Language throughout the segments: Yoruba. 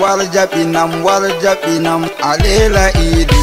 warja ɓinam warja ɓinam alela idi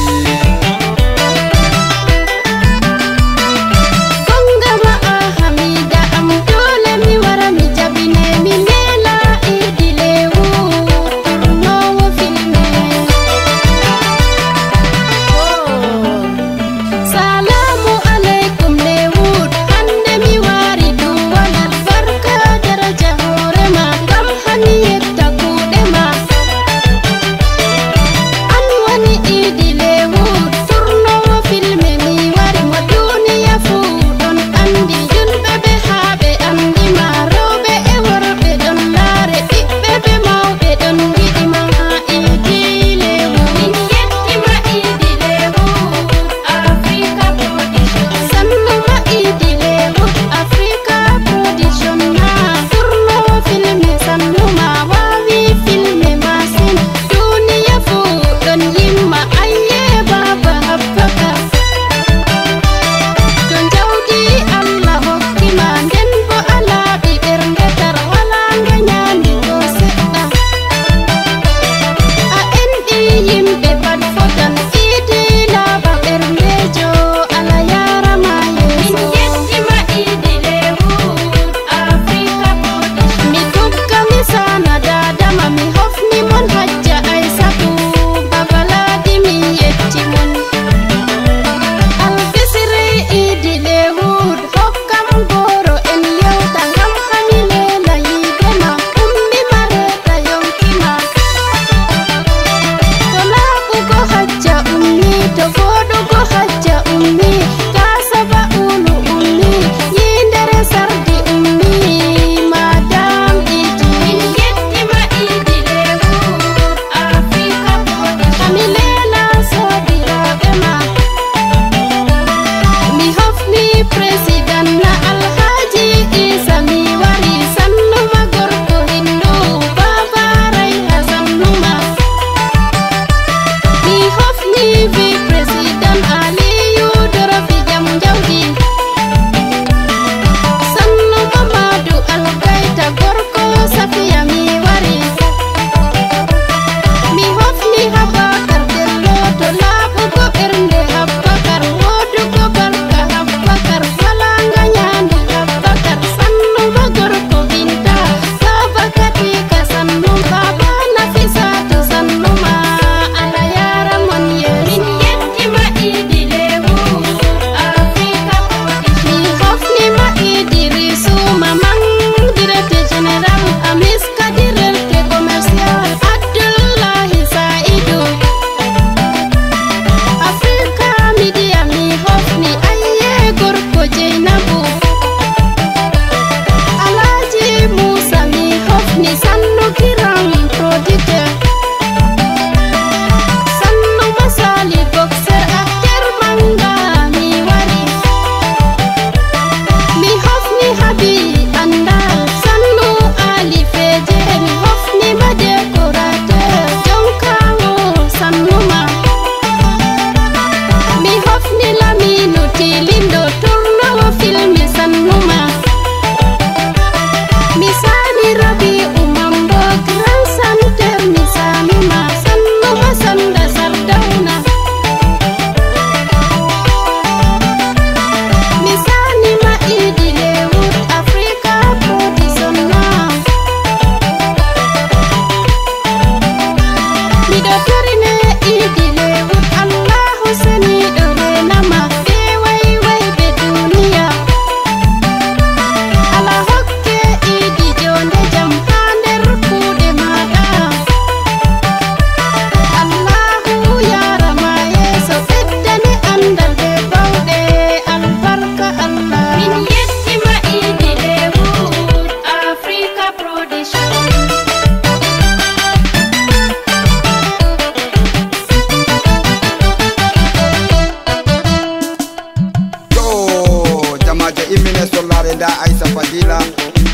da aisa fadila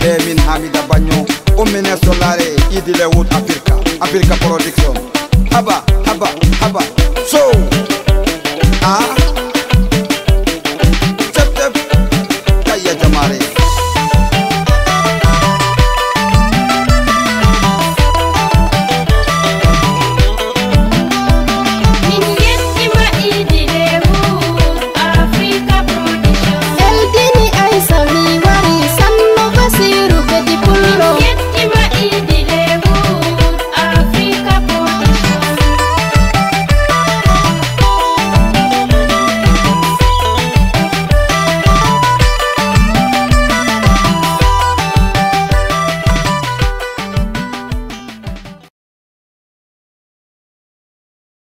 e min hamida bagno ummine solare idile wood africa africa production haba haba haba so ah